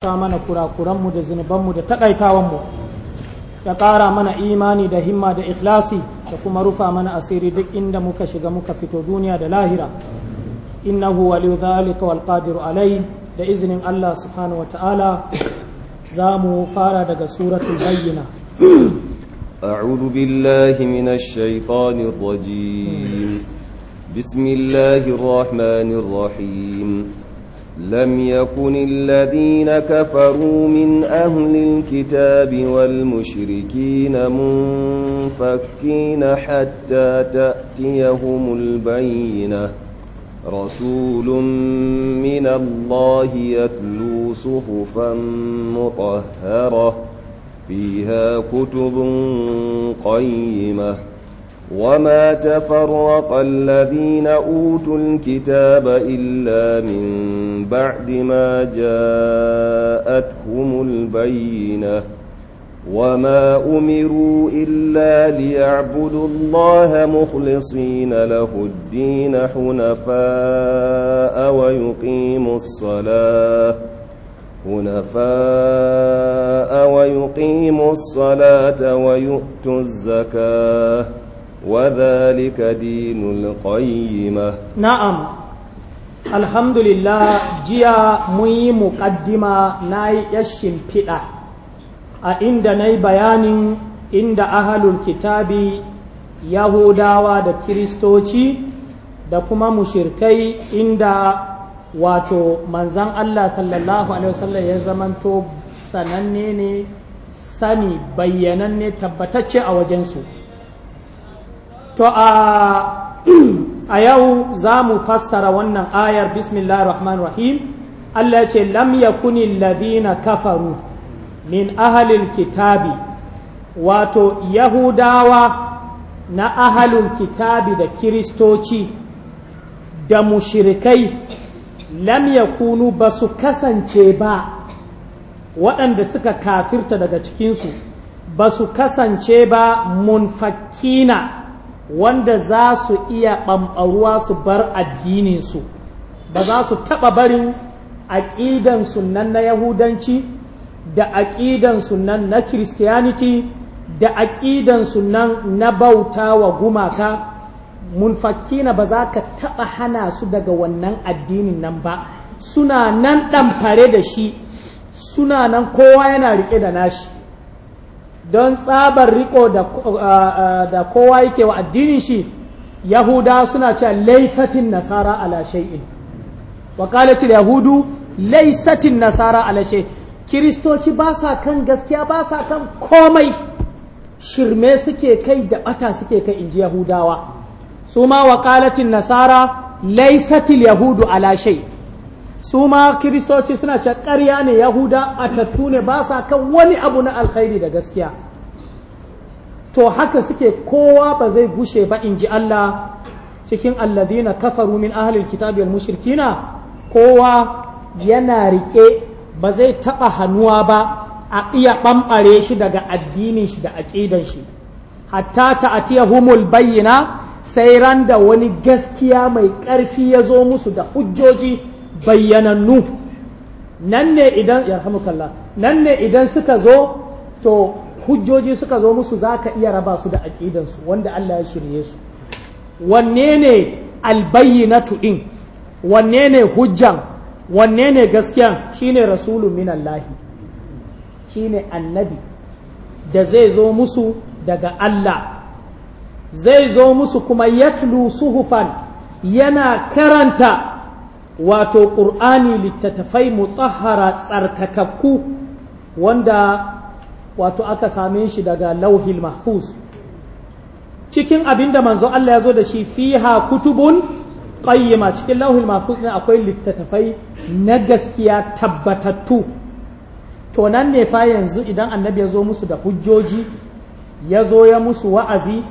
ta mana kurakuranmu da zunubanmu da takaitawanmu ya ƙara mana imani da himma da ikhlasi da kuma rufa mana asiri duk inda muka shiga muka fito duniya da lahira innahu waliyu zalika wal qadiru alai da izinin Allah subhanahu wata'ala za mu fara daga suratul bayyina أعوذ بالله من الشيطان الرجيم بسم الله الرحمن الرحيم لم يكن الذين كفروا من أهل الكتاب والمشركين منفكين حتى تأتيهم البينة رسول من الله يتلو صحفا مطهرة فيها كتب قيمة وما تفرق الذين أوتوا الكتاب إلا من بعد ما جاءتهم البينة وما أمروا إلا ليعبدوا الله مخلصين له الدين حنفاء ويقيموا الصلاة حنفاء ويقيموا الصلاة ويؤتوا الزكاة na'am دين القيمة نعم الحمد لله جيا مي مقدمة ناي يشن فئة عند ناي بيان عند أهل الكتاب Yahudawa da Kiristoci da kuma mushirkai inda wato manzan Allah sallallahu Alaihi wasallam ya zamanto sananne ne sani bayyananne tabbatacce a wajensu. to a yau za mu fassara wannan ayar bismillah rahman rahim Allah ce lam yakuni ladina kafaru min ahalil kitabi wato yahudawa na ahalul kitabi da kiristoci da mushirikai lam yakunu ba su kasance ba waɗanda suka kafirta daga cikinsu ba su kasance ba munfakina wanda za su iya ɓamɓaruwa su bar addininsu ba za su taɓa barin aƙidan sunan na yahudanci da aƙidan sunan na christianity da aƙidan sunan na bauta wa gumaka munfakina ba za ka taɓa hana su daga wannan addinin nan ba suna nan ɗamfare da shi suna nan kowa yana riƙe da nashi don tsabar riko uh, uh, da kowa yake wa addinin shi yahuda suna cewa laisatin nasara ala shay'in wa qalatil yahudu laisatin nasara ala shay kiristoci ba sa kan gaskiya ba sa kan komai shirme suke kai da bata suke kai inji yahudawa Suma ma wa qalatil nasara laisatil yahudu ala shay' su ma kiristoci suna ce ƙarya ne yahuda atattu ne ba sa kan wani abu na alkhairi da gaskiya to haka suke kowa ba zai gushe ba in ji Allah cikin alladina kafaru min ahlil kitabi wal kowa yana rike ba zai taba hannuwa ba a iya bambare shi daga addinin shi da aqidan shi hatta ta ta'tiyahumul bayyina sai ran da wani gaskiya mai ƙarfi ya zo musu da hujjoji bayyanannu nan ne idan yarhamukallah nan ne idan suka zo to hujjoji suka zo musu za ka iya raba su da aƙidansu wanda Allah ya shirye su wanne ne albayyinatu in wanne ne hujjan wanne ne gaskiyan shine rasulun minallahi shine annabi da zai zo musu daga Allah zai zo musu kuma yatlu suhufan yana karanta wato ƙur'ani littattafai mutahara tsarkakakku wanda wato aka same shi daga lauhil mahfuz cikin abinda manzo Allah ya zo da shi fiha kutubun qayyima cikin lauhil mahfuz ne akwai littattafai na gaskiya tabbatattu to nan ne fa yanzu idan annabi ya zo musu da hujjoji ya zo ya musu wa'azi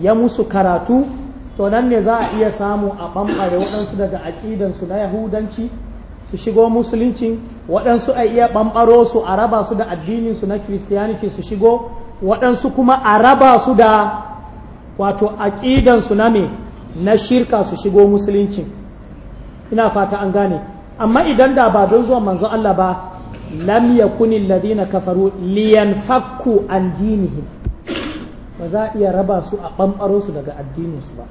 ya musu karatu to nan ne za a iya samu a ɓamɓare waɗansu daga aƙidansu na yahudanci su shigo musulunci waɗansu a iya ɓamɓaro su a raba su da addininsu na christianity su shigo waɗansu kuma a raba su da wato aƙidansu na me na shirka su shigo musulunci ina fata an gane amma idan da ba don zuwa manzo Allah ba lam yakuni alladhina kafaru liyanfakku an dinihim ba za a iya raba su a ɓamɓaro su daga addininsu ba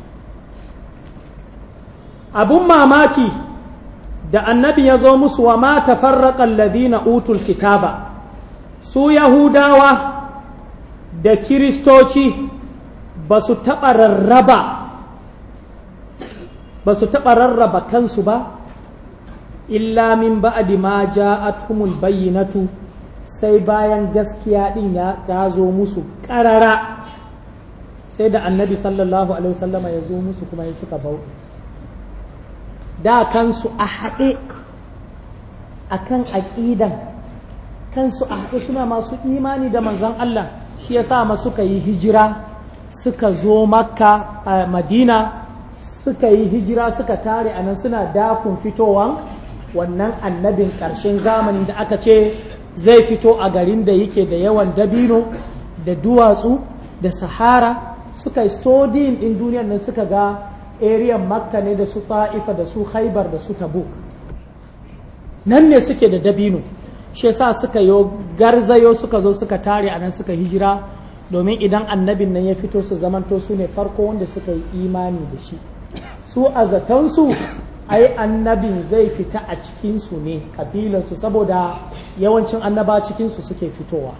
abun mamaki da annabi ya zo musu wa mata tafarraqa alladhina utul kitaba su yahudawa da kiristoci ba su taɓa rarraba ba su taɓa rarraba kansu ba illa min ba'adi ma ja'atuhumul bayyinatu sai bayan gaskiya din ya zo musu ƙarara sai da annabi sallallahu alaihi wasallama ya zo musu kuma ya suka bauɗe da kansu a haɗe a akan aƙidan kansu a haɗe suna masu imani da manzan Allah shi ya sa ma suka yi hijira suka zo makka a madina suka yi hijira suka tare a nan suna dakun fitowan wannan annabin ƙarshen zamani da aka ce zai fito a garin da yake da yawan dabino da duwatsu da sahara suka yi studying in duniyar nan suka ga area makka ne da su ta'ifa da su haibar da su tabuk nan ne suke da dabino shi yasa suka yo garzayo suka zo suka tare a nan suka hijira domin idan annabin nan ya fito su zamanto su ne farko wanda suka yi imani da shi su a zatonsu ai annabin zai fita a cikinsu ne kabilansu saboda yawancin annaba cikinsu suke fitowa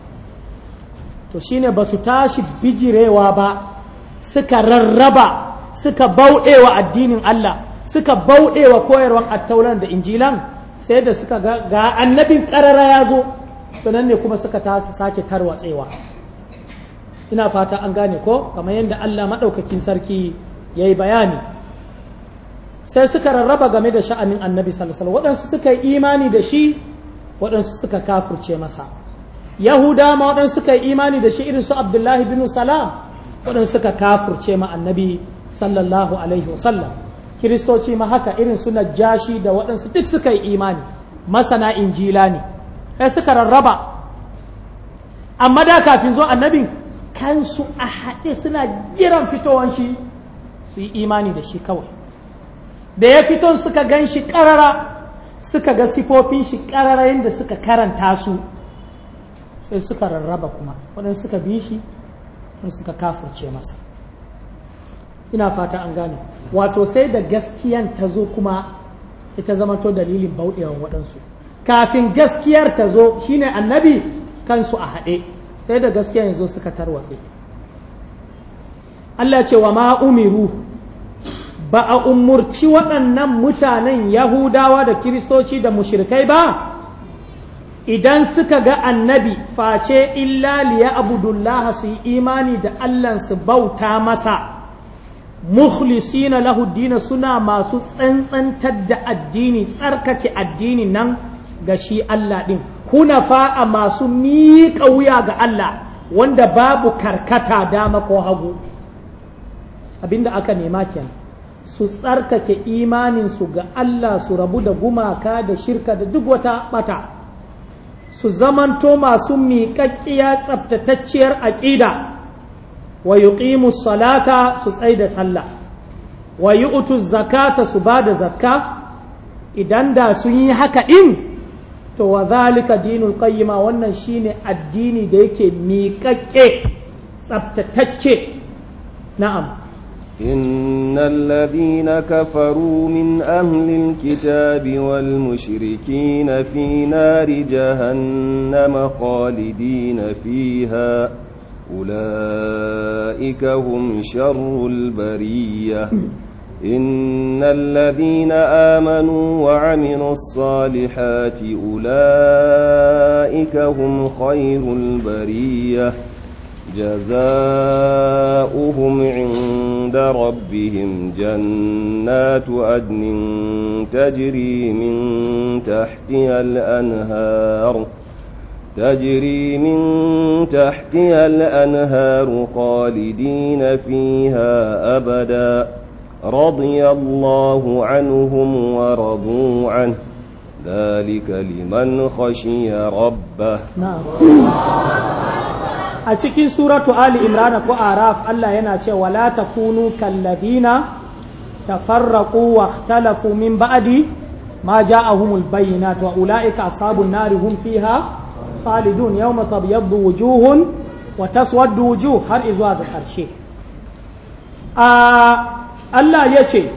to shine ba su tashi bijirewa ba suka rarraba suka bauɗewa addinin Allah suka bauɗewa koyarwar koyarwan attaulan da injilan sai da suka ga, ga annabin ƙarara ya zo nan ne kuma suka sake tarwatsewa ina fata an gane ko kamar yadda Allah maɗaukakin sarki ya yi bayani sai suka rarraba game da sha'anin annabi sallallahu waɗansu suka yi imani da shi waɗansu suka kafurce masa yahuda ma waɗansu suka yi imani da shi irin su abdullahi bin salam waɗansu suka kafurce ma annabi sallallahu alaihi wasallam kiristoci ma haka irin suna jashi da waɗansu duk suka yi imani masana injila ne sai suka rarraba amma da kafin zo annabin kansu a haɗe suna jiran fitowan shi su yi imani da shi kawai da ya fito suka gan shi ƙarara suka ga sifofin shi ƙarara yadda suka karanta su sai suka rarraba kuma waɗansu suka bi shi suka kafurce masa ina fata an gane wato sai da gaskiyan ta zo kuma ita zamanto dalilin bauɗewan waɗansu kafin gaskiyar ta zo shine annabi kansu a haɗe sai da ya zo suka tarwatse Allah ce wa ma umiru ba a umurci waɗannan mutanen yahudawa da kiristoci da mushirikai ba idan suka ga annabi face illa liya abudullaha su yi imani da allansu bauta masa mukhlisina lahu dina suna masu tsantsantar da addini tsarkake addini nan ga shi Allah din kuna fa'a masu miƙa wuya ga Allah wanda babu karkata dama ko hagu abinda aka nema kenan su tsarkake imaninsu ga Allah su rabu da gumaka da shirka da duk wata bata su zamanto masu miƙaƙƙiya tsaftatacciyar aƙida wa yuqimu salata su tsai da sallah wa yu'tu zakata su ba da zakka idan da sun yi haka din to wa zalika dinul qayyima wannan shine addini da yake miƙaƙe tsaftatacce na'am إن الذين كفروا من أهل الكتاب والمشركين في نار جهنم خالدين فيها أولئك هم شر البرية إن الذين آمنوا وعملوا الصالحات أولئك هم خير البرية جزاؤهم عند ربهم جنات أدن تجري من تحتها الأنهار تجري من تحتها الأنهار خالدين فيها أبدا رضي الله عنهم ورضوا عنه ذلك لمن خشي ربه نعم a cikin suratu ali imrana ko araf Allah yana ce wala takunu kalladina tafarraqu wa ikhtalafu min ba'di ma ja'ahumul bayyinatu ulaika ashabun nari khalidun yawma tabyaddu wujuhun wa taswaddu wujuh har izuwa ga ƙarshe. a Allah ya ce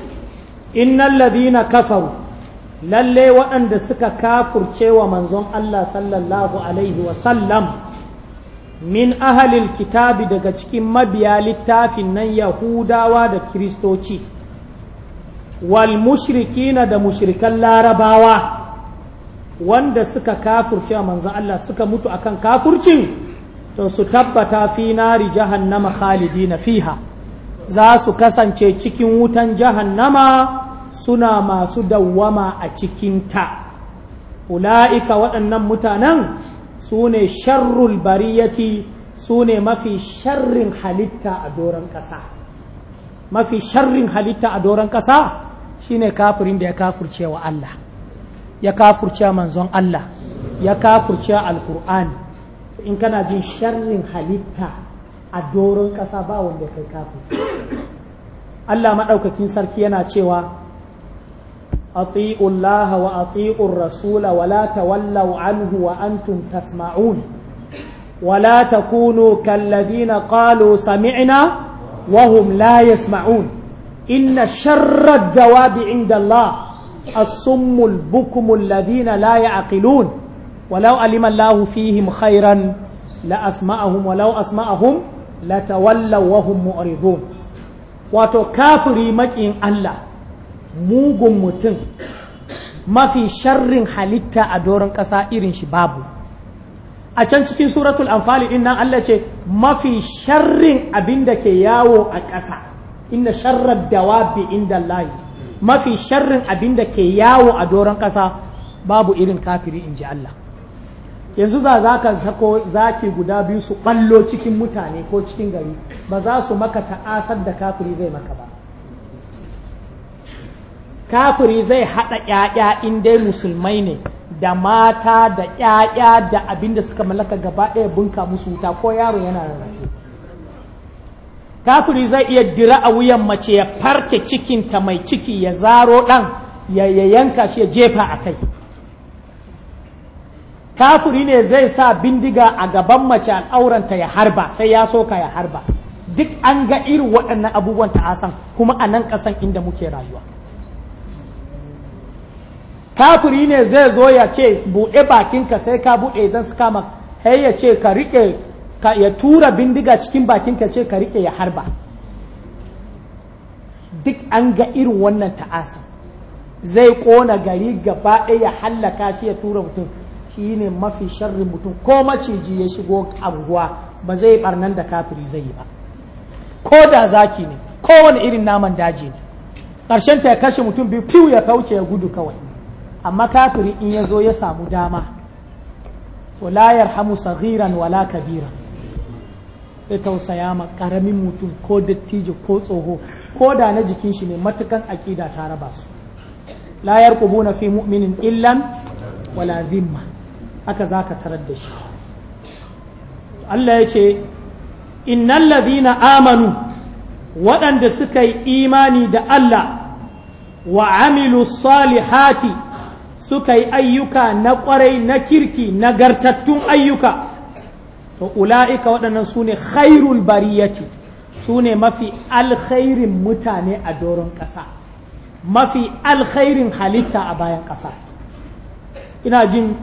innal ladina kafaru lalle waɗanda suka kafurce wa manzon Allah sallallahu alaihi wa sallam min ahalil kitabi daga cikin mabiya littafin nan yahudawa da kiristoci wal mushrikina da mushrikan larabawa wanda suka kafurce manzan Allah suka mutu akan kafurcin to su tabbata fi nari jahannama khalidina fiha za su kasance cikin wutan jahannama suna masu dawwama a cikinta ula'ika waɗannan mutanen su ne sharrul bariyati su ne mafi sharrin halitta a doron ƙasa mafi sharrin halitta a doron ƙasa shine kafirin da ya kafurce wa Allah ya kafurce manzon Allah ya kafurce alkur'ani in kana jin sharrin halitta a doron ƙasa ba wanda kai kafin, Allah maɗaukakin sarki yana cewa Allah wa ati'ur rasula wa la tawallaw anhu wa antum tasma'un wa la takunu kalladhina qalu sami'na wa hum la yasma'un inna sharra dawabi inda Allah الصم البكم الذين لا يعقلون ولو علم الله فيهم خيرا لأسمعهم ولو أسمعهم لتولوا وهم معرضون wato kafiri maƙin Allah mugun mutum mafi sharrin halitta a doron ƙasa irin shi babu a can cikin suratul anfali din nan Allah ce mafi sharrin abin da ke yawo a ƙasa inna sharrar dawabi inda layi. mafi sharrin abin da ke yawo a doron ƙasa babu irin kafiri in ji Allah yanzu za ka sako zaki guda biyu su ɓallo cikin mutane ko cikin gari ba za su maka ta'asar da kafiri zai maka ba kafiri zai haɗa ‘ya'ya in dai musulmai ne da mata da ‘ya'ya da abin da suka mallaka gaba ɗaya bunka musu wuta ko yaro yana rarrafe kafiri zai iya dira a wuyan mace ya farke cikinta mai ciki ya zaro ɗan ya yanka shi ya jefa a kai kafiri ne zai sa bindiga a gaban mace al'auranta ya harba sai ya soka ya harba duk an ga irin waɗannan abubuwan ta'asan kuma a nan ƙasan inda muke rayuwa kafiri ne zai zo ya ce buɗe bakinka sai ka buɗe idan su kama sai ya ce ka riƙe ka ya tura bindiga cikin bakinka ce ka rike ya harba duk an ga irin wannan ta'asa zai kona gari gaba ɗaya ya hallaka shi ya tura mutum shi ne mafi sharrin mutum ko maciji ya shigo anguwa ba zai yi barnan da kafiri zai yi ba ko da zaki ne kowane irin naman daji ne ƙarshen ta ya kashe mutum biyu fiw ya kauce ya gudu kawai amma kafiri in ya zo ya samu dama to la yarhamu saghiran wala kabiran ya tausaya ma karamin mutum ko dattijo ko tsoho ko da na jikin shi ne matukan aƙida ta raba su la na fi mu'minin illan wala zimma haka zaka tarar da shi Allah ya ce innal ladina amanu waɗanda suka yi imani da Allah wa amilu salihati suka yi ayyuka na ƙwarai na kirki nagartattun ayyuka to ula'ika waɗannan su ne khairul bariyati su ne mafi alkhairin mutane a doron ƙasa mafi alkhairin halitta a bayan ƙasa ina jin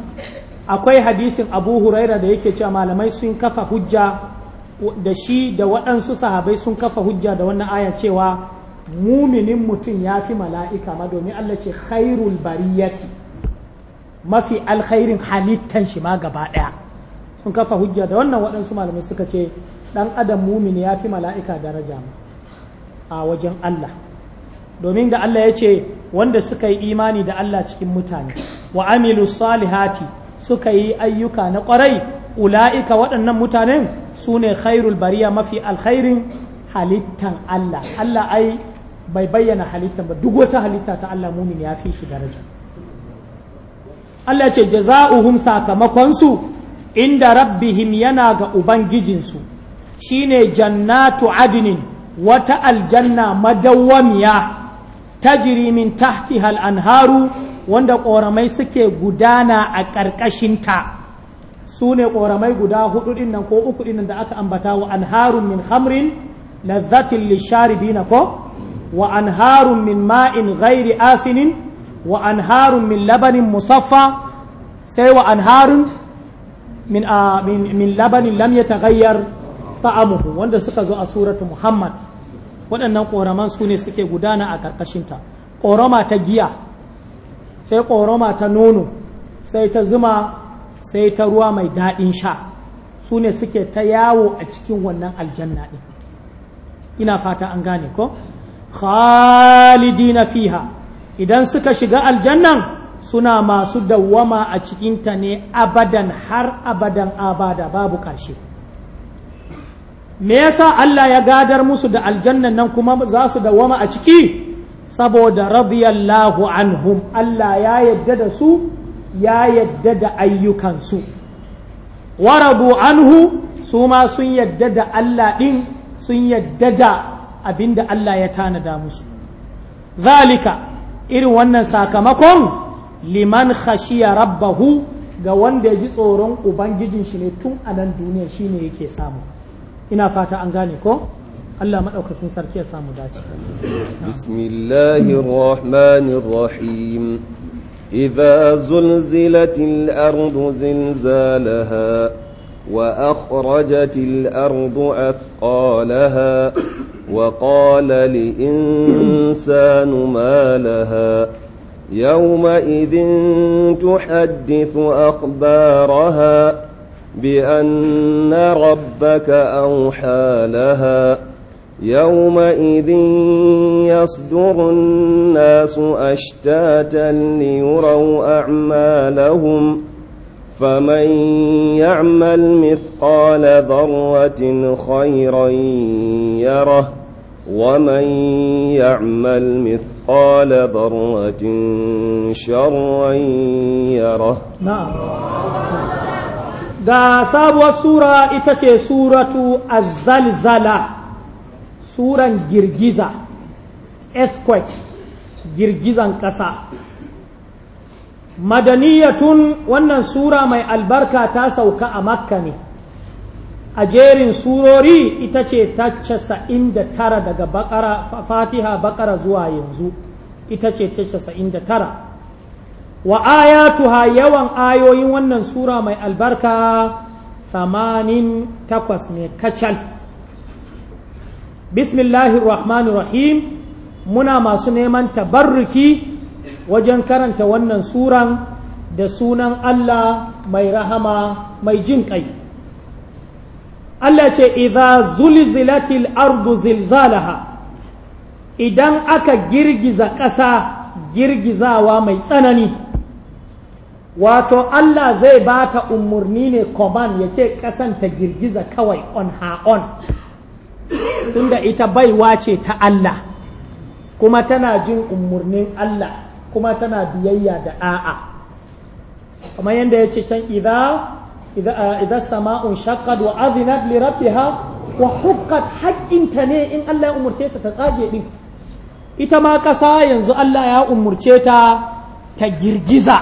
akwai hadisin abu huraira da yake cewa malamai sun kafa hujja da shi da waɗansu sahabai sun kafa hujja da wannan aya cewa muminin mutum ya fi mala'ika ma domin Allah ce khairul bariyati mafi alkhairin halittan shi ma gaba ɗaya sun kafa hujja da wannan waɗansu malamai suka ce ɗan adam mumin ya fi mala'ika daraja a wajen Allah domin da Allah ya ce wanda suka yi imani da Allah cikin mutane wa amilu salihati suka yi ayyuka na ƙwarai ula'ika waɗannan mutanen su ne khairul bariya mafi alkhairin halittan Allah Allah ai bai bayyana halittan ba duk wata halitta ta Allah mumin ya fi shi daraja Allah ce jaza'uhum sakamakonsu inda rabbihim yana ga ubangijinsu shine jannatu adinin wata aljanna madawwamiya ta min tahti hal anharu wanda ƙoramai suke gudana a ƙarƙashinta su ne ƙoramai guda hudu nan ko uku nan da aka ambata wa anharun min hamrin lazzatin lisharibina ko wa anharun min ma'in ghairi asinin wa anharun min labanin musaffa sai wa anharun Ah, min min min labanin lam yataghayyar ta'amuhu wanda suka zo a suratu Muhammad waɗannan ƙoraman su ne suke gudana a ta ƙorama ta giya sai ƙorama ta nono sai ta zuma sai ta ruwa mai daɗin sha su ne suke ta yawo a cikin wannan aljanna ɗin ina fata an gane ko khalidina fiha idan suka shiga aljannan suna masu dawwama a cikinta ne abadan har abadan abada babu karshe me yasa Allah ya gadar musu da aljannan nan kuma za su dawwama a ciki saboda radiyallahu anhum Allah ya yadda da su ya yadda da ayyukansu waradu anhu su ma sun yadda da Allah ɗin sun yadda da abinda Allah ya tanada musu zalika irin wannan sakamakon liman khashiya rabbahu ga wanda ya ji tsoron ubangijin shi ne tun a nan duniya ne yake samu ina fata an gane ko Allah maɗaukakin sarki ya samu dace bismillahir rahmanir rahim idza zulzilatil ardu zilzalaha وأخرجت الأرض أثقالها وقال الإنسان ما لها يومئذ تحدث أخبارها بأن ربك أوحى لها يومئذ يصدر الناس أشتاتا ليروا أعمالهم فمن يعمل مثقال ذرة خيرا يره ومن يعمل مثقال ذرة شرا يره نعم ga sabuwar sura ita ce suratu azalzala suran girgiza earthquake girgizan ƙasa tun wannan sura mai albarka ta sauka a makka ne a jerin surori ita ce ta casa'in da tara daga bakara fatiha bakara zuwa yanzu ita ce ta casa'in da tara wa ayatuha yawan ayoyin wannan sura mai albarka samanin takwas ne kacal rahim muna masu neman tabarruki wajen karanta wannan suran da sunan Allah mai rahama mai jin ƙai. Allah ce idan zulzilatil ardu zilzalaha idan aka girgiza ƙasa girgizawa mai tsanani wato Allah zai ba ta umarni ne command ya ce ƙasan ta girgiza kawai on ha on tunda ita baiwa ce ta Allah kuma tana jin umarnin Allah kuma tana biyayya da a'a kamar yadda ya ce can idan. idza sama'un shaqqat wa adhinat li rabbiha wa huqqat haqqinta ne in Allah ya umurce ta ta tsage din ita ma ƙasa yanzu Allah ya umurce ta ta girgiza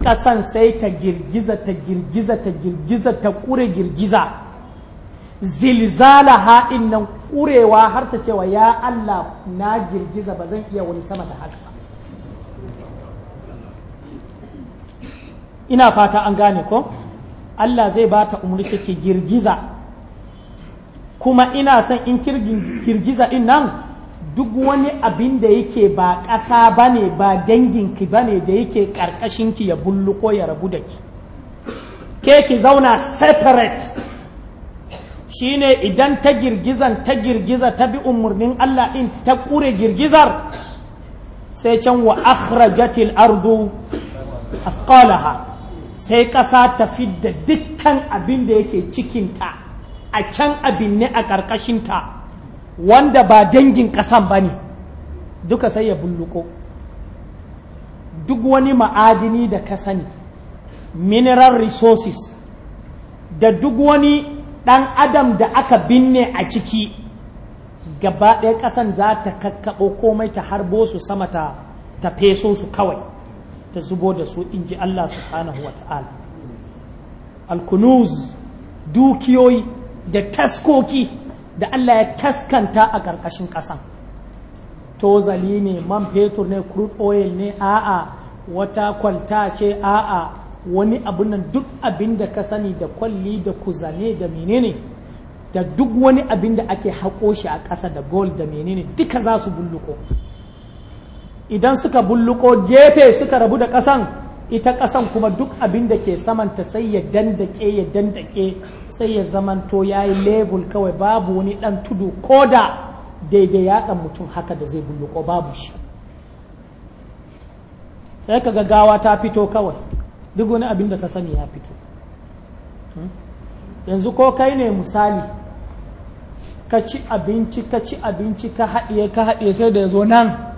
ƙasan sai ta girgiza ta girgiza ta girgiza ta kure girgiza zilzala ha'in nan ƙurewa har ta cewa ya Allah na girgiza ba zan iya wani sama da haka ina fata an gane ko Allah zai ba ta umarni take girgiza kuma ina son in girgiza din nan duk wani abin da yake ba ƙasa ba ne ba danginki ba ne da yake ƙarƙashinki ya bullu ko ya rabu da ki ke ki zauna separate shine idan ta girgizan ta girgiza ta bi umarnin Allah in ta kure girgizar sai can wa akhrajatil ardu asqalaha sai ƙasa ta fidda dukkan abin da yake cikinta a can abin ne a ƙarƙashinta wanda ba dangin ƙasan ba ne duka sai ya bulluko duk wani ma'adini da ka sani mineral resources da duk wani ɗan adam da aka binne a ciki gaba ɗaya ƙasan za ta kakkaɓo komai ta harbo su sama ta feso su kawai ta zubo da su in ji Allah subhanahu wa ta'ala alkunuz dukiyoyi da taskoki da Allah ya taskanta a ƙarƙashin ƙasan tozali ne man fetur ne crude oil ne a'a wata kwalta ce a'a wani abin nan duk abin da ka sani da kwalli da kuzane da menene da duk wani abin da ake haƙo shi a ƙasa da gold da menene duka za su bulluko idan suka bulluko gefe suka rabu da ƙasan ita ƙasan kuma duk abin da ke samanta sai ya dandake ya dandake sai ya zamanto ya yi level kawai babu wani ɗan tudu ko da daidai yaƙan mutum haka da zai bulluko babu shi sai ka gawa ta fito kawai duk wani abin da ka sani ya fito hmm? yanzu ko kai ne misali ka ci abinci ka ci abinci ka haɗiye ka haɗiye sai da ya zo nan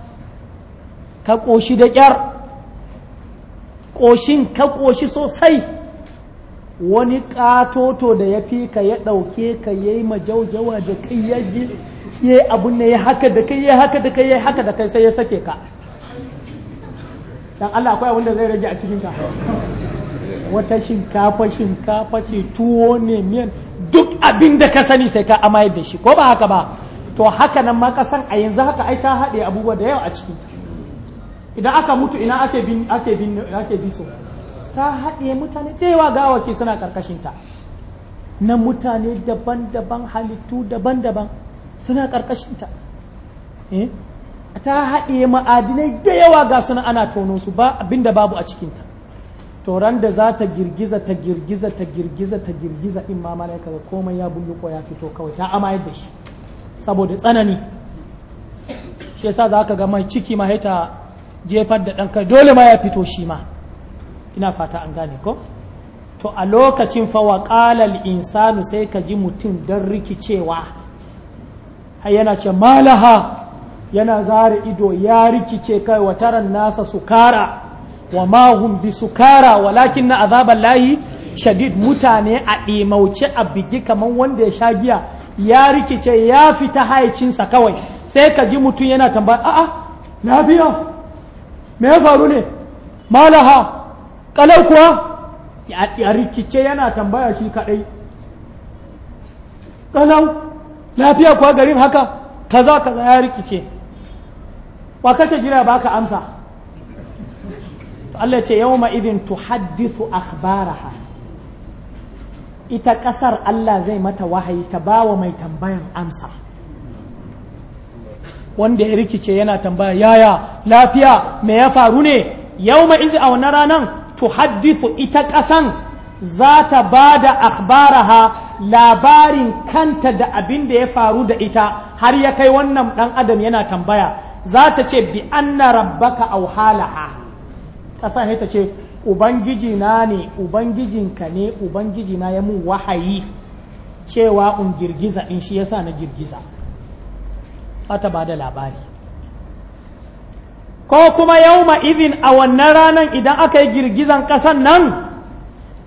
ka ƙoshi da ƙyar ƙoshin ka ƙoshi sosai wani ƙatoto da ya fi ka ya ɗauke ka ya yi majaujawa da kai ya ji ya yi abin da ya haka da kai ya haka da kai ya haka da kai sai ya sake ka dan Allah akwai wanda da zai rage a cikin ka wata shinkafa shinkafa ce tuwo ne miyan duk abin da ka sani sai ka amayar da shi ko ba haka ba to haka nan ma ka san a yanzu haka ai ta haɗe abubuwa da yawa a cikin ta idan aka mutu ina ake bin ake bin ake bi ta haɗe mutane da yawa gawaki suna karkashin ta na mutane daban-daban halittu daban-daban suna karkashin ta eh ta haɗe ma'adinai da yawa ga suna ana tono su ba abinda babu a cikin ta to ran da za ta girgiza ta girgiza ta girgiza ta girgiza in ma malaika ga komai ya ko ya fito kawai ta amaye da shi saboda tsanani shi yasa za ka ga mai ciki ma haita. jefar da ɗanka dole ma ya fito shi ma ina fata an gane ko to a lokacin fa wa ƙalal insanu sai ka ji mutum don rikicewa yana ce malaha yana zara ido ya rikice kai wa taran nasa sukara wa mahum bi sukara walakin na azaban layi shadid mutane a ɗimauce a bigi kamar wanda ya sha giya ya rikice ya fita haicinsa kawai sai ka ji mutum yana tambaya a'a na biya me ya faru ne malaha kalau kuwa ya rikice yana tambaya shi kaɗai. kalau lafiya kuwa garin haka kaza kaza ya rikice wa kake jira baka amsa Allah ce yawma tu tuhaddithu akhbaraha ita ƙasar Allah zai mata wahayi ta ba wa mai tambayan amsa wanda ya rikice yana tambaya yaya lafiya me ya faru ne yau ma izi a wannan ranan to haddifu ita ƙasan za ta ba da akhbaraha labarin kanta da abin da ya faru da ita har ya kai wannan ɗan adam yana tambaya za ta ce bi anna rabbaka au halaha ƙasan ne ta ce ubangiji na ne ubangijinka ne ubangiji na ya mun wahayi cewa in girgiza in shi yasa na girgiza za ta ba da labari ko kuma yau izin a wannan ranar idan aka yi girgizan ƙasan nan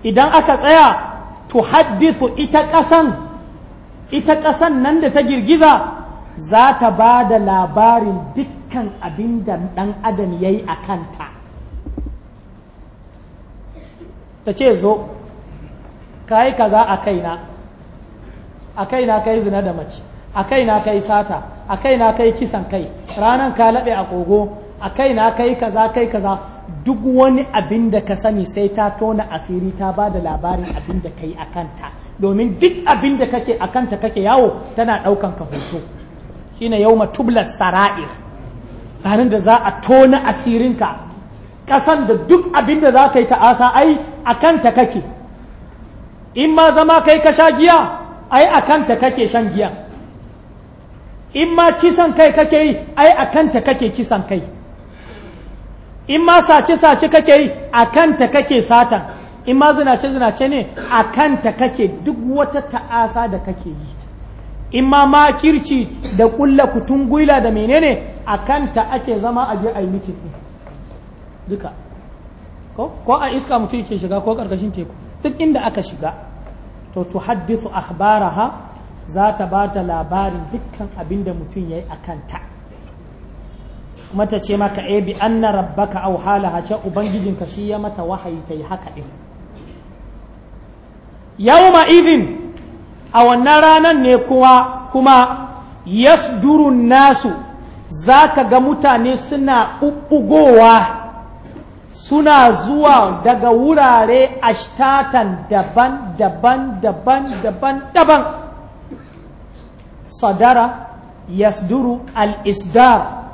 idan aka tsaya tu haddisu ita ƙasan ita ƙasan nan da ta girgiza za ta ba da labarin dukkan abin da ɗan adam ya yi a kanta ta ce zo ka yi kaza a kaina a kaina ka yi zina da mace a kai na kai sata a kai na kai kisan kai ranan ka laɓe a kogo a kai na kai kaza kai kaza duk wani abin da ka sani sai ta tona asiri ta ba da labarin abin da ka yi a kanta domin duk abin da kake a kanta kake yawo tana ɗaukan ka hoto shine yauma tublas sara'ir ranar da za a tona asirinka ƙasan da duk abin da za ka yi ta'asa ai a kanta kake in ma zama kai ka sha giya ai a kanta kake shan giyan in ma kisan kai kake yi ai a kanta kake kisan kai in ma sace-sace kake yi a kanta kake sata in ma zinace-zinace ne a kanta kake duk wata ta'asa da kake yi in ma makirci da kulla kutun gwila da menene a kanta ake zama a biyu a yi duka ko a iska mutum ke shiga ko karkashin teku duk inda aka shiga to haddisu akhbaraha za ta ba ta labarin dukkan abin da mutum ya yi a kanta kuma ta ce maka ebi eh, an na rabbaka au halaha ce ubangijinka shi ya mata wahayi ta yi haka ɗin ma izin. a wannan ranar ne kuma, kuma yasdurun nasu za ka ga mutane suna ɓuɓɓugowa suna zuwa daga wurare ashtatan daban daban daban daban daban sadara yasduru al-isdar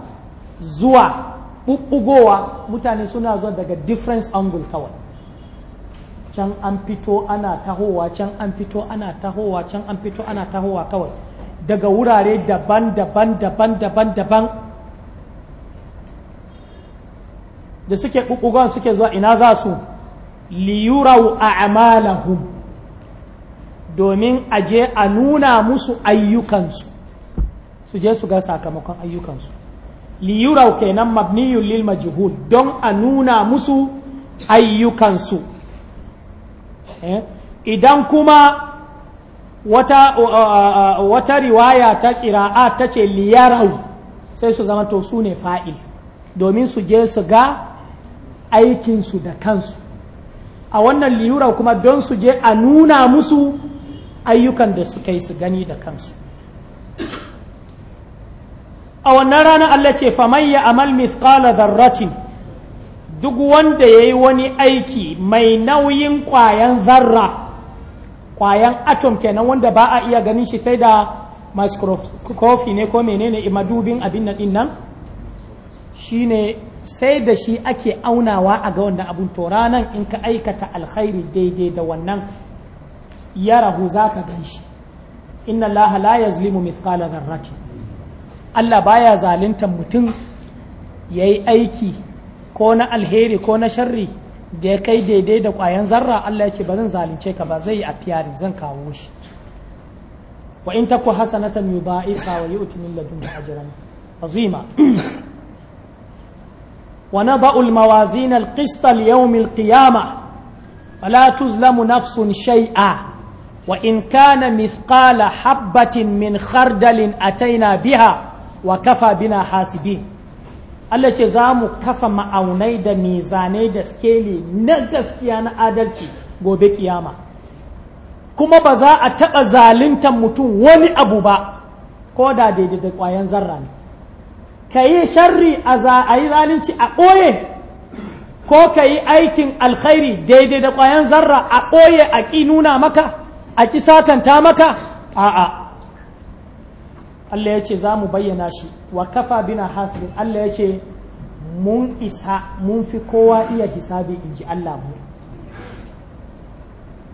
zuwa ɓuɓɓugowa mutane suna zuwa daga difference angle kawai can an fito ana tahowa can an fito ana tahowa can an fito ana tahowa kawai daga wurare daban daban daban daban daban da suke ɓuɓɓugon suke zuwa ina za su liyurau a'malahum domin a je a nuna musu ayyukansu su je su ga sakamakon ayyukansu liyurau kenan mabniyun lil majhul don a nuna musu ayyukansu eh? idan kuma wata, uh, uh, uh, riwaya ta ƙira'a ta ce liyarau sai su zama to su ne fa'il domin su je su ga aikinsu da kansu a wannan liyurau kuma don su je a nuna musu ayyukan da suka yi su gani da kansu a wannan rana Allah ce faman ya amal mithqala dharratin duk wanda ya yi wani aiki mai nauyin ƙwayan zarra ƙwayan atom kenan wanda ba a iya ganin shi sai da microscopy ne ko menene madubin abin nan din nan shine sai da shi ake aunawa a ga wannan abun to ranan in ka aikata alkhairi daidai da wannan yarahu za ka gan shi inna allaha la yazlimu mithqala dharratin Allah baya zaluntar mutum ya yi aiki ko na alheri ko na sharri da ya kai daidai da ƙwayan zarra Allah ya ce ba zan zalunce ka ba zai yi a zan kawo shi wa in taku hasanatan yudha'ifha wa yu'ti min ladunhu ajran azima wa nada'u al-mawazin al-qist al-yawm al-qiyamah fala tuzlamu nafsun shai'a. wa in kana mithqala habbatin min khardalin ataina biha wa kafa bina hasibi Allah ce za mu kafa ma'aunai da mizanai da skeli na gaskiya na adalci gobe kiyama kuma ba za a taɓa zaluntar mutum wani abu ba ko da daidai da ƙwayan zarra ne ka yi sharri a yi zalunci a ɓoye ko ka yi aikin alkhairi daidai da ƙwayan zarra a ɓoye a ƙi nuna maka a ki satanta maka a'a Allah ya ce za mu bayyana shi wa kafa bina hasbin Allah ya ce mun isa mun fi kowa iya hisabi in ji Allah mu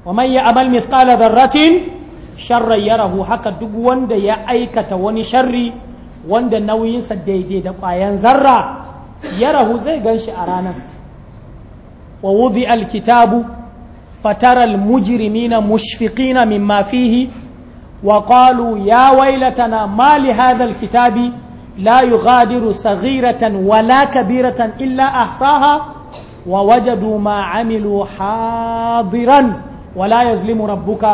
wa man ya amal mithqala dharratin sharran yarahu haka duk wanda ya aikata wani sharri wanda nauyinsa daidai da ƙwayan zarra yarahu zai gan shi a ranar wa al-kitabu. فترى المجرمين مشفقين مما فيه وقالوا يا ويلتنا ما لهذا الكتاب لا يغادر صغيرة ولا كبيرة إلا أحصاها ووجدوا ما عملوا حاضرا ولا يظلم ربك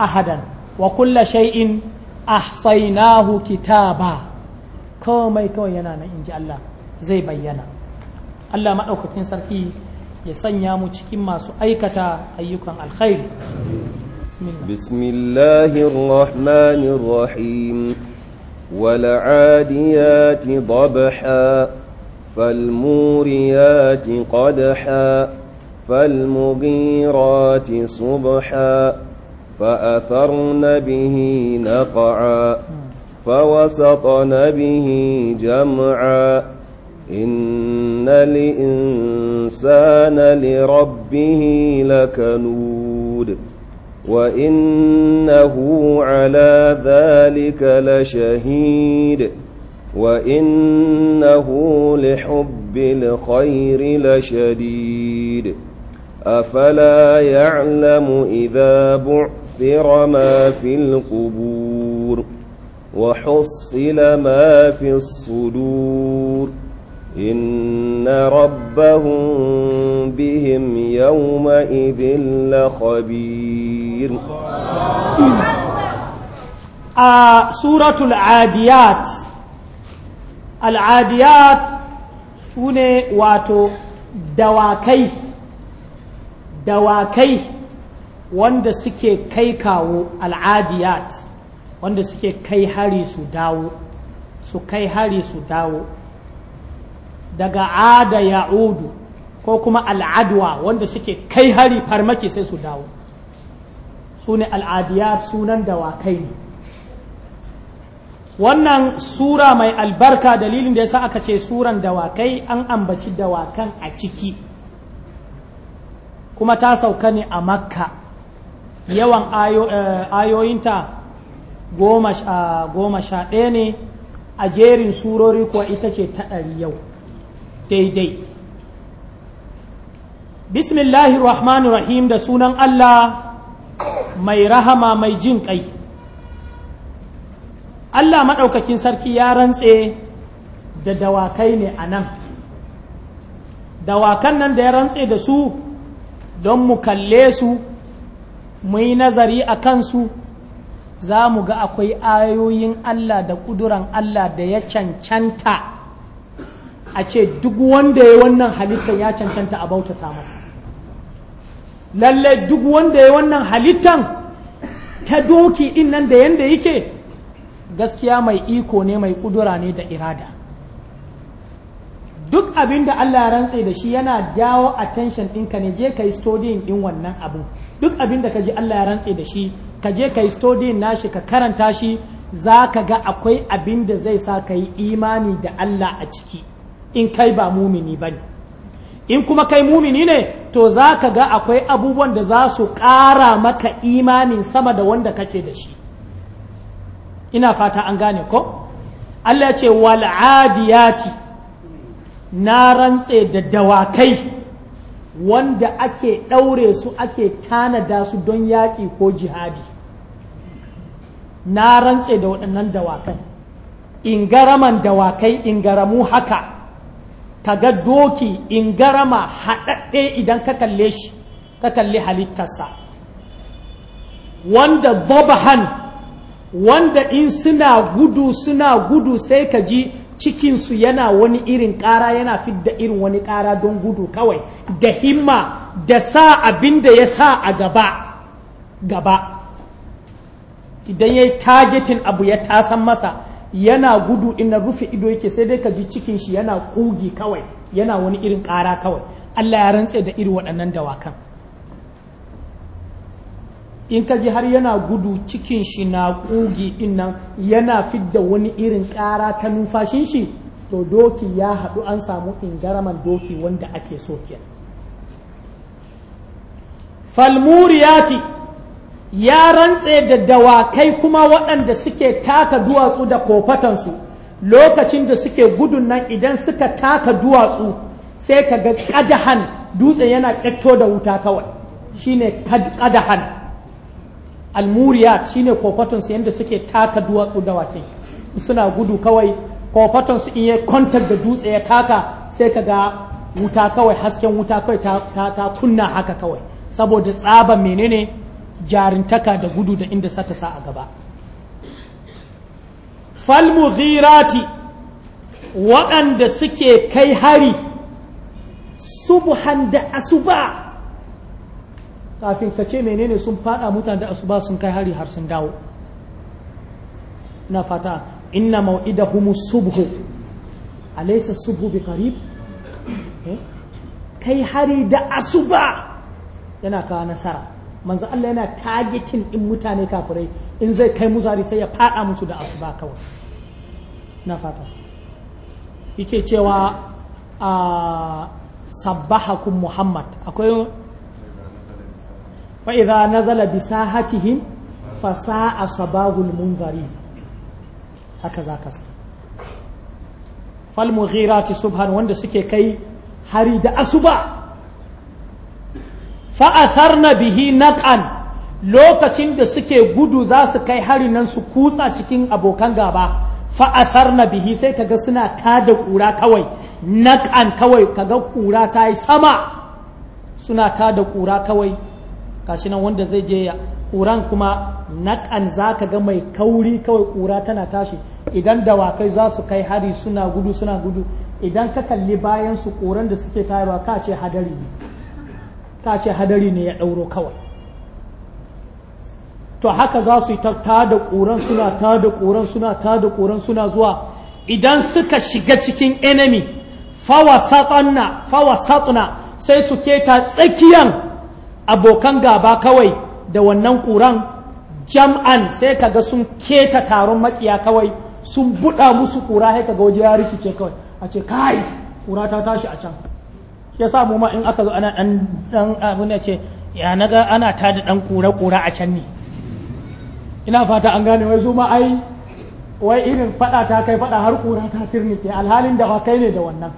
أحدا وكل شيء أحصيناه كتابا كما يكون ينانا إن جاء الله زي بينا الله ما أوكتين سركي يسنيا مو cikin masu aikata ayyukan alkhair بسم الله الرحمن الرحيم والعاديات ضبحا فالموريات قدحا فالمغيرات صبحا فأثرن به نقعا فوسطن به جمعا إن الإنسان لربه لكنود وإنه على ذلك لشهيد وإنه لحب الخير لشديد أفلا يعلم إذا بعثر ما في القبور وحصل ما في الصدور إن ربهم بهم يومئذ لخبير آه سورة العاديات العاديات سنة واتو دواكي دواكي wanda suke kai kawo al'adiyat wanda suke kai hari su dawo su kai hari su dawo daga ada ya'udu ko kuma al'adwa wanda suke kai hari farmaki sai su dawo su ne al'adiya sunan dawakai ne wannan sura mai albarka dalilin da ya sa aka ce suran dawakai an ambaci dawakan a ciki kuma ta sauka ne a makka yawan eh, ayoyinta goma sha ɗaya ne a jerin surori kuwa ita ce ta ɗari yau daidai bismillahir rahmanir rahim da sunan allah mai rahama mai jin kai allah maɗaukakin sarki ya rantse da dawakai ne a nan dawakan nan da ya rantse da su don mu kalle su mu yi nazari a kansu za mu ga akwai ayoyin allah da ƙuduran allah da ya cancanta a ce duk wanda ya wannan halitta ya cancanta a bautata masa lalle duk wanda ya wannan halittan ta doki din nan da yanda yake gaskiya mai iko ne mai kudura ne da irada duk abin da Allah ya rantse da shi yana jawo attention ɗinka ne je ka yi studying ɗin wannan abu duk abin da ka ji Allah ya rantse da shi ka je ka yi studying nashi ka karanta shi za ka ga akwai abin da zai sa ka yi imani da Allah a ciki in kai ba mumini ba ne in kuma kai mumini ne to za ka ga akwai abubuwan da za su ƙara maka imanin sama da wanda kake da shi ina fata an gane ko Allah ce wal'adiyati na rantse da dawakai wanda ake ɗaure su ake tanada su don yaƙi ko jihadi na rantse da waɗannan dawakan garaman dawakai in garamu haka ka ga doki in garama haɗaɗɗe idan ka kalle shi ka kalli halittarsa wanda zabahan wanda in suna gudu suna gudu sai ka ji cikinsu yana wani irin ƙara yana fidda irin wani ƙara don gudu kawai da himma da sa abin da ya sa a gaba gaba idan ya yi targetin abu ya tasan masa yana gudu in rufe ido yake sai dai ka ji cikin shi yana kugi kawai yana wani irin ƙara kawai Allah ya rantse da irin waɗannan dawakan in ka ji har yana gudu cikin shi na kugi innan yana fidda wani irin ƙara ta numfashin shi to doki ya haɗu an samu ingaraman doki wanda ake so kenan falmuriyati ya rantse da dawakai kuma waɗanda suke taka duwatsu da kofatansu lokacin da suke gudun nan idan suka taka duwatsu sai ka ga ƙadahan dutse yana ƙetto da wuta kawai shine ƙadahan almuriya shine kofatansu yadda suke taka duwatsu dawakai suna gudu kawai kofatansu in ya kwantar da dutse ya taka sai ka ga wuta kawai hasken wuta kawai ta kunna haka kawai saboda tsaba menene jarintaka da gudu da inda sata sa a gaba falmuzirati waɗanda suke kai hari subhan da asuba kafin ka ce menene sun fada mutane da asuba sun kai hari har sun dawo na fata inna mau'idahum subhu alaysa subhu bi qarib eh? kai hari da asuba yana kawo nasara manzo Allah yana targetin in mutane kafirai in zai kai musu hari sai ya fada musu da asuba kawai na fata yake cewa a sabbahakum muhammad akwai wa idza nazala bi sahatihim fa sa'a sabahul munzari haka zaka sa fal mughirati subhan wanda suke kai hari da asuba fa'asar na bihi naqan lokacin da suke gudu za su kai hari nan su kutsa cikin abokan gaba fa'asar na bihi sai kaga suna tada kura kawai naqan kawai kaga ƙura ta yi sama suna tada kura kawai kashi nan wanda zai je ya ƙuran kuma naƙan za ka ga mai kauri kawai ƙura tana tashi idan dawakai za su kai hari suna gudu suna gudu idan ka kalli bayan su ƙuran da suke tayarwa ka ce hadari ne ta ce hadari ne ya ɗauro kawai to haka za su yi ta da ƙuran suna ta da ƙuran suna ta da ƙuran suna zuwa idan suka shiga cikin enemy fawa satana sai su keta tsakiyan abokan gaba kawai da wannan ƙuran jam'an sai kaga sun keta taron makiya kawai sun buɗa musu ƙura haika ga waje ya rikice kawai a ce kai ƙura ta tashi a can shi yasa mu ma in aka zo ana dan dan abin da ce ya naga ana ta da ɗan kura kura a can ne ina fata an gane wai su ma ai wai irin fada ta kai fada har kura ta ke alhalin da ba kai ne da wannan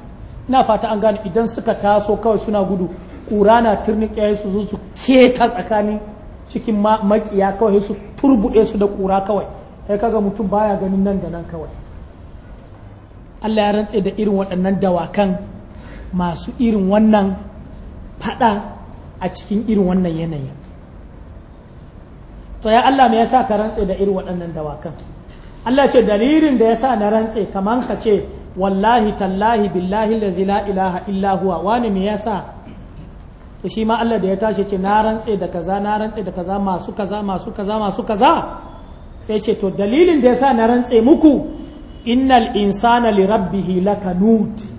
ina fata an gane idan suka taso kawai suna gudu kura na turnike su zo su keta tsakanin cikin makiya kawai su turbuɗe su da kura kawai kai kaga mutum baya ganin nan da nan kawai Allah ya rantse da irin waɗannan dawakan masu irin wannan fada a cikin irin wannan yanayi to ya Allah me yasa ka rantse da irin waɗannan dawakan Allah ce dalilin da yasa na rantse kamar ka ce wallahi tallahi billahi lazi la ilaha illa huwa wani me yasa to shi ma Allah da ya tashi ce na rantse da kaza na rantse da kaza masu kaza masu kaza masu kaza sai ce to dalilin da yasa na rantse muku innal insana li rabbihi lakanud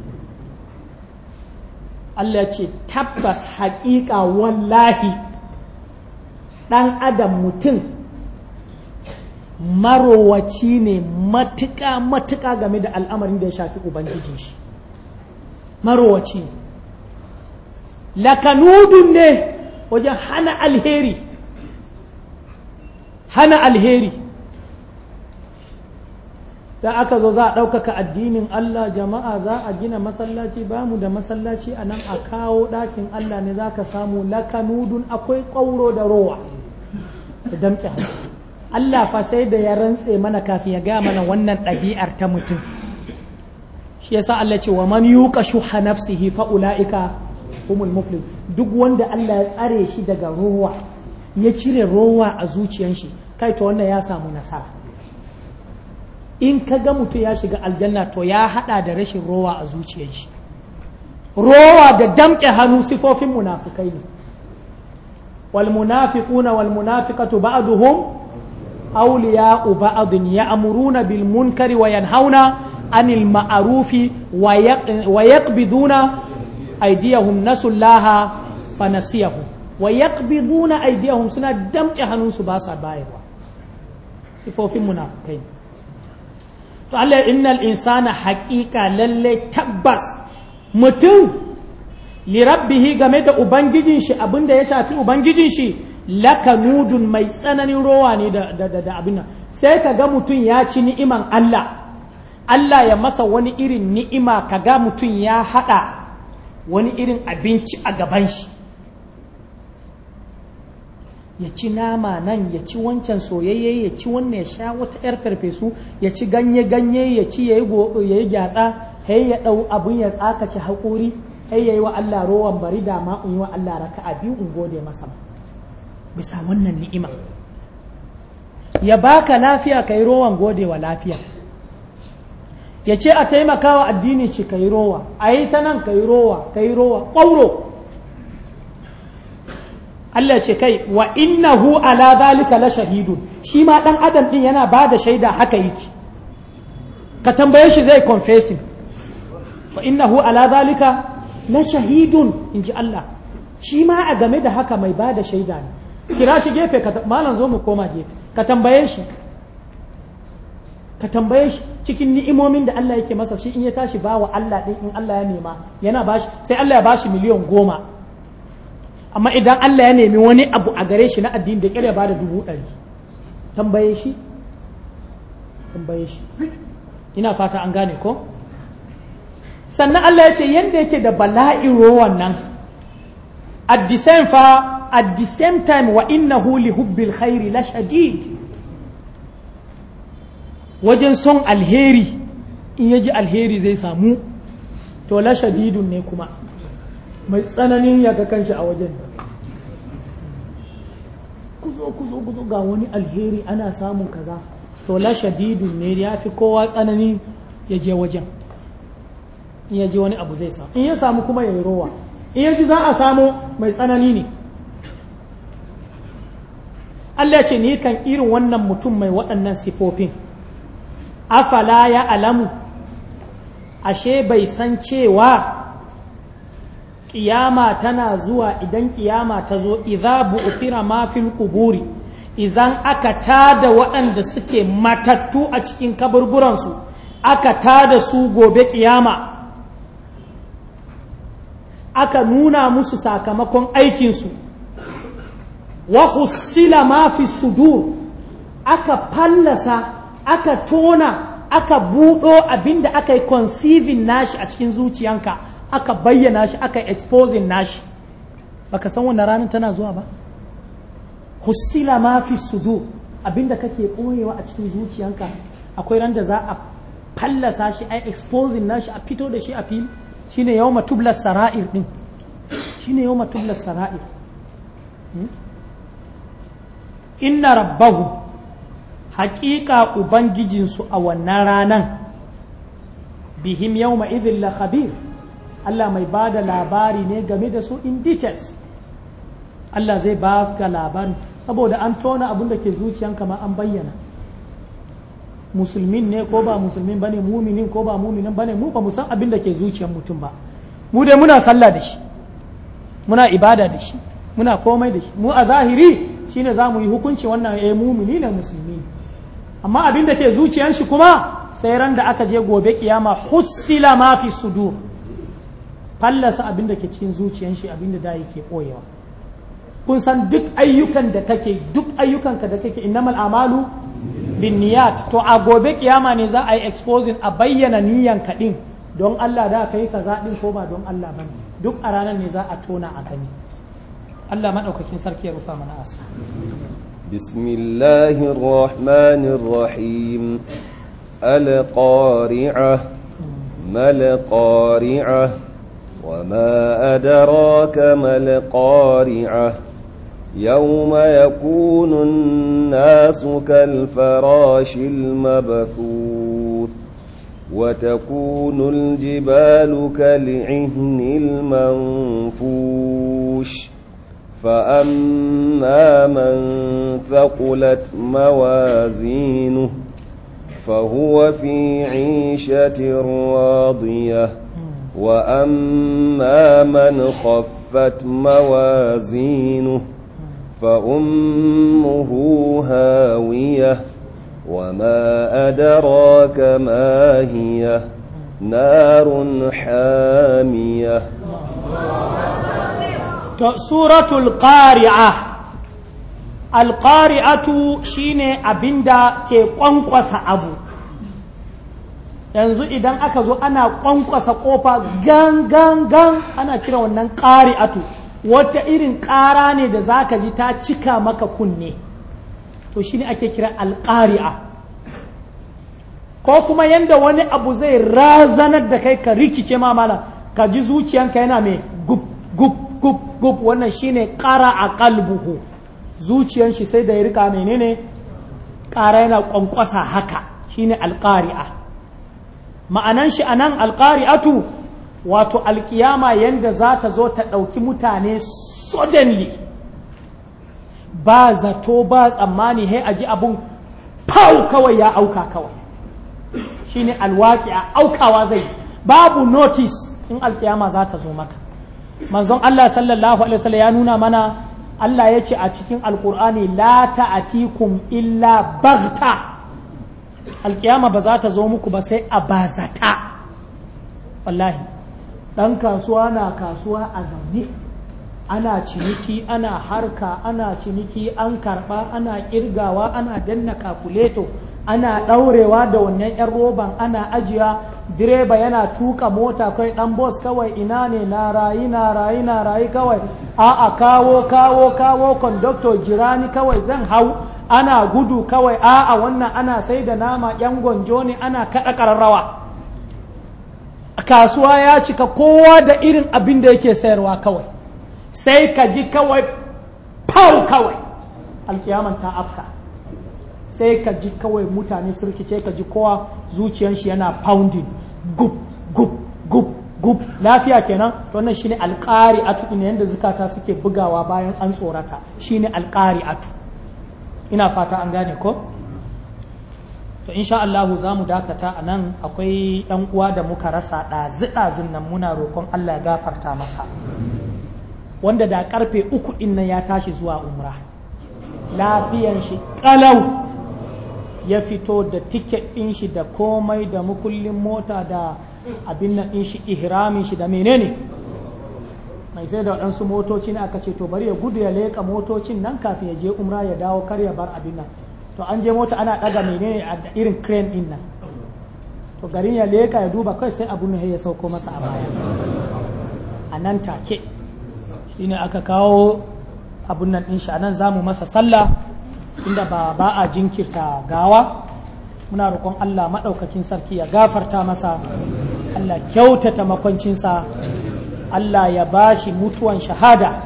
Allah ce tabbas haƙiƙa wallahi ɗan adam mutum marowaci ne matuƙa matuƙa game da al'amarin da ya shafi ubangiji shi marowaci ne lakanudun ne wajen hana alheri hana alheri da aka zo za a ɗaukaka addinin Allah jama'a za a gina masallaci ba mu da masallaci a nan a kawo ɗakin Allah ne za ka samu lakanudun akwai ƙwauro da rowa da damƙe Allah fa sai da ya rantse mana kafin ya gaya mana wannan ɗabi'ar ta mutum shi yasa Allah ce wa man yuqa shuha nafsihi fa ulaika humul muflih duk wanda Allah ya tsare shi daga rowa ya cire rowa a zuciyar shi kai to wannan ya samu nasara in ka ga mutum ya shiga aljanna to ya hada da rashin rowa a zuciyar shi rowa da damƙe hannu sifofin munafikai ne wal munafiquna wal munafiqatu ba'duhum awliya'u ba'dhin ya'muruna bil munkari wa yanhauna 'anil ma'rufi wa yaqbiduna aydiyahum nasullaha fanasiyahum wa yaqbiduna aydiyahum suna damƙe hannunsu ba sa bayarwa sifofin munafikai ne to Allah innal insana haƙiƙa lalle tabbas mutum li rabbihi game da ubangijin shi abinda ya shafi ubangijin shi lakanudun mai tsananin rowa ne da da da abin sai ka ga mutum ya ci ni'iman Allah Allah ya masa wani irin ni'ima ka ga mutum ya haɗa wani irin abinci a gaban shi ya ci nama nan ya ci wancan soyayye ya ci wannan ya sha wata yar farfesu ya ci ganye ganye ya ci ya yi gyatsa hey ya ɗau abun ya tsakace haƙuri hey ya yi wa Allah rowan bari dama, ma in yi wa Allah raka'a biyu in gode masa bisa wannan ni'ima ya baka lafiya kai rowan gode wa lafiya ya ce a taimakawa addini shi kai rowa a yi ta nan kai rowa kai rowa ƙwauro Allah ce kai wa innahu ala zalika la shahidun shi ma dan adam din yana ba da shaida haka yake ka tambaye shi zai confessing wa innahu ala zalika la shahidun inji Allah shi ma a game da haka mai ba da shaida ne kira shi gefe ka malam zo mu koma gefe ka tambaye shi ka tambaye shi cikin ni'imomin da Allah yake masa shi in ya tashi ba wa Allah din in Allah ya nema yana bashi sai Allah ya bashi miliyan goma amma idan Allah ya nemi wani abu a gare shi na addini da kyar ba da dubu ɗari tambaye shi tambaye shi ina fata an gane ko sannan Allah ya ce yadda yake da bala'i rowan nan at the same fa at the same time wa innahu li hubbil khairi la shadid wajen son alheri in yaji alheri zai samu to la shadidun ne kuma mai tsananin ya ga kanshi a wajen kuzo kuzo kuzo ga wani alheri ana samun kaza to la shadidun ne ya fi kowa tsanani ya je wajen in ya ji wani abu zai samu in ya samu kuma ya yi rowa in ya ji za a samu mai tsanani ne Allah ce ni kan irin wannan mutum mai waɗannan sifofin afala ya alamu ashe bai san cewa kiyama tana zuwa idan kiyama ta zo idza bu'thira ma fil quburi idan aka tada waɗanda suke matattu a cikin kaburburansu aka tada su gobe kiyama aka nuna musu sakamakon aikinsu wa hussila ma fi sudur aka fallasa aka tona aka buɗo abinda aka yi conceiving nashi a cikin zuciyanka aka bayyana shi aka exposing nashi baka san wannan ranar tana zuwa ba husila ma fi sudu abinda kake koyewa a cikin zuciyanka akwai ran da za a fallasa shi a exposing nashi a fito da shi a fili shine yawma tublas sara'ir din shine yawma tublas sara'ir hmm? inna rabbahu haƙiƙa ubangijinsu a wannan ranan bihim yawma idhil khabir Allah mai ba da labari ne game da su in details Allah zai ba ka labari saboda an tona abin da ke zuciyanka ma an bayyana musulmin ne ko ba musulmin bane muminin ko ba muminin bane mu ba mu san abin da ke zuciyan mutum ba mu dai muna sallah da shi muna ibada da shi muna komai da shi mu a zahiri shine za mu yi hukunci wannan eh mumini ne musulmi amma abin da ke zuciyar shi kuma sai ran da aka je gobe kiyama hussila ma fi sudur fallasa abin da ke cikin zuciyan shi abin da da yake koyewa kun san duk ayyukan da take duk ayyukan ka da kake innamal amalu bin niyat to a gobe kiyama ne za a yi exposing a bayyana niyan ka din don Allah da kai kaza din ko ba don Allah bane duk a ranar ne za a tona a gani Allah madaukakin sarki ya rufa mana asa bismillahir rahmanir rahim al qari'ah hmm. mal qari'ah وما أدراك ما القارعة يوم يكون الناس كالفراش المبثوث وتكون الجبال كالعهن المنفوش فأما من ثقلت موازينه فهو في عيشة راضية وأما من خفت موازينه فأمه هاوية وما أدراك ما هي نار حامية سورة القارعة القارعة شيني أبندا كي قنقص أبوك yanzu idan aka zo ana kwankwasa kofa gan gan gan ana kira wannan ƙari'atu wata irin ƙara ne da za ka ji ta cika maka kunne to shi ne ake kira alƙari'a ko kuma yadda wani abu zai razanar da kai ka rikice ma mana ka ji zuciyanka yana mai gub gub gub gub wannan ne ƙara a kalbuhu zuciyan shi sai da ya rika menene ƙara yana kwankwasa haka shi shine alƙari'a ma'anan shi a nan alƙari'atu wato alƙiyama yanda za ta zo ta ɗauki mutane suddenly ba zato ba tsammani hai aji abun pau kawai ya auka kawai shine alwaƙi a aukawa zai babu notice in alƙiyama za ta zo maka manzon Allah sallallahu alaihi wasallam ya nuna mana Allah ya ce a cikin alƙur'ani la ta'atikum illa baghta alkiyama ba za ta zo muku ba sai a bazata wallahi ɗan kasuwa na kasuwa a zaune ana ciniki ana harka ana ciniki an karɓa ana ƙirgawa ana danna kakuleto ana ɗaurewa da wannan 'yan roban ana ajiya direba yana tuka mota kai ɗan bos kawai ina ne na rayi na rayi na rayi kawai a'a kawo kawo kawo kondokto jirani kawai zan hau ana gudu kawai a'a wannan ana sai da nama 'yan gwanjo ne ana kaɗa ƙararrawa kasuwa ya cika kowa da irin abin da yake sayarwa kawai sai ka ji kawai pau kawai alkiyaman ta afka sai ka ji kawai mutane surkice rikice ka ji kowa zuciyanshi yana pounding gub gub gub gub lafiya kenan to wannan shine atu ne yanda zukata suke bugawa bayan an tsorata shine atu. ina fata an gane ko to insha Allah za mu dakata a nan akwai ɗan uwa da muka rasa ɗazi ɗazun nan muna roƙon Allah ya gafarta masa wanda da karfe uku din ya tashi zuwa umra lafiyan shi kalau ya fito da tiket din shi da komai da mukullin mota da abin nan din shi ihramin shi da menene mai sai da waɗansu motoci ne aka ce to bari ya gudu ya leka motocin nan kafin ya je umra ya dawo kar ya bar abin nan to an je mota ana ɗaga menene a irin crane din nan to garin ya leka ya duba kai sai abu ne ya sauko masa a baya a nan take shine aka kawo abun nan ɗin shi anan zamu masa sallah inda ba ba a jinkirta gawa muna roƙon Allah maɗaukakin sarki ya gafarta masa Allah kyautata makoncinsa Allah ya bashi mutuwan shahada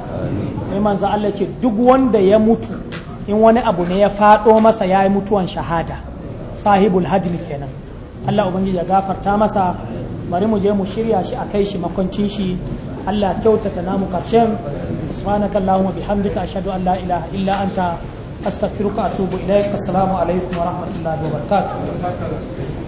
mai za Allah ce duk wanda ya mutu in wani abu ne ya faɗo masa ya yi mutuwan shahada sahibul hadmi kenan Allah ubangiji ya gafarta masa bari mu je mu shirya shi a kai shi makwancin shi Allah kyautata namu karshen subhanaka allahumma bihamdika ashhadu an la ilaha illa anta astaghfiruka atubu ilaik assalamu alaikum wa rahmatullahi wa barakatuh